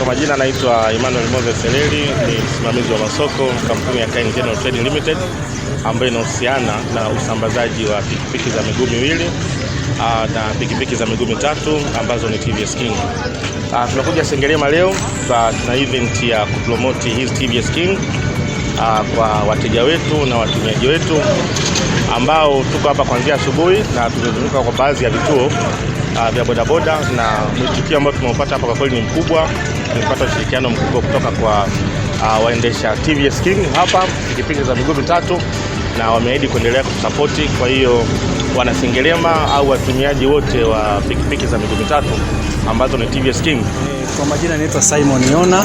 Kwa majina naitwa Emmanuel Moses Seleli, ni msimamizi wa masoko kampuni ya Kain General Trading Limited ambayo inahusiana na usambazaji wa pikipiki za miguu miwili ah, na pikipiki za miguu mitatu ambazo ni TVS King. Ah, Tunakuja Sengerema leo, tuna event ya kupromoti hizi TVS King ah, kwa wateja wetu na watumiaji wetu ambao tuko hapa kuanzia asubuhi na tumezunguka kwa baadhi ya vituo vya bodaboda na mwitikio ambao tumeupata hapa kwa kweli ni mkubwa tumepata ushirikiano mkubwa kutoka kwa uh, waendesha TVS King hapa pikipiki za miguu mitatu, na wameahidi kuendelea kutusapoti. Kwa hiyo wanasengerema au watumiaji wote wa pikipiki za miguu mitatu ambazo ni TVS King. Eh, kwa majina naitwa Simon Yona,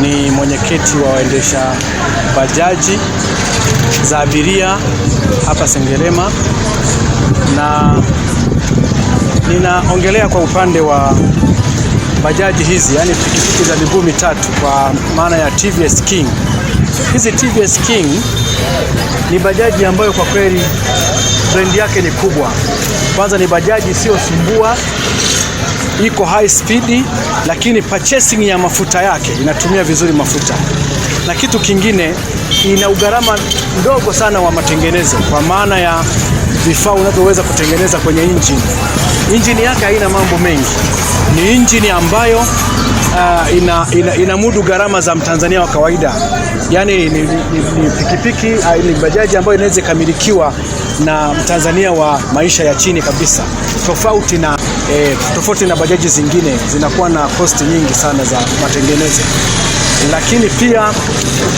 ni mwenyekiti wa waendesha bajaji za abiria hapa Sengerema na ninaongelea kwa upande wa bajaji hizi, yani pikipiki za miguu mitatu kwa maana ya TVS King. Hizi TVS King ni bajaji ambayo kwa kweli brand yake ni kubwa. Kwanza ni bajaji isiyosumbua, iko high speed, lakini purchasing ya mafuta yake inatumia vizuri mafuta, na kitu kingine ina ugarama mdogo sana wa matengenezo, kwa maana ya vifaa unavyoweza kutengeneza kwenye injini injini yake haina mambo mengi, ni injini ambayo uh, ina, ina, ina mudu gharama za mtanzania wa kawaida. Yani ni, ni, ni pikipiki uh, ni bajaji ambayo inaweza ikamilikiwa na mtanzania wa maisha ya chini kabisa, tofauti na eh, tofauti na bajaji zingine zinakuwa na kosti nyingi sana za matengenezo lakini pia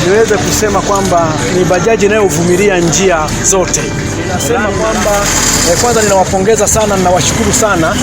niweze kusema kwamba ni bajaji inayovumilia njia zote. nasema kwamba eh, kwanza ninawapongeza sana, ninawashukuru sana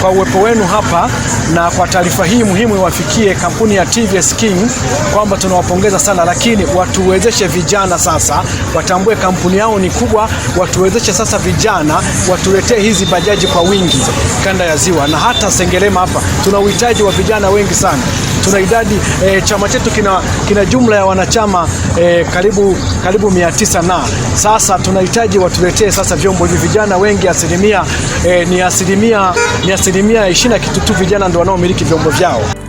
kwa uwepo wenu hapa na kwa taarifa hii muhimu iwafikie kampuni ya TVS King, kwamba tunawapongeza sana, lakini watuwezeshe vijana sasa, watambue kampuni yao ni kubwa, watuwezeshe sasa vijana, watuletee hizi bajaji kwa wingi kanda ya Ziwa na hata Sengerema hapa tuna uhitaji wa vijana wengi sana tuna idadi e, chama chetu kina, kina jumla ya wanachama e, karibu, karibu mia tisa na sasa tunahitaji watuletee sasa vyombo hivi. Vijana wengi asilimia e, ni asilimia ni asilimia ishirini na kitu tu vijana ndio wanaomiliki vyombo vyao.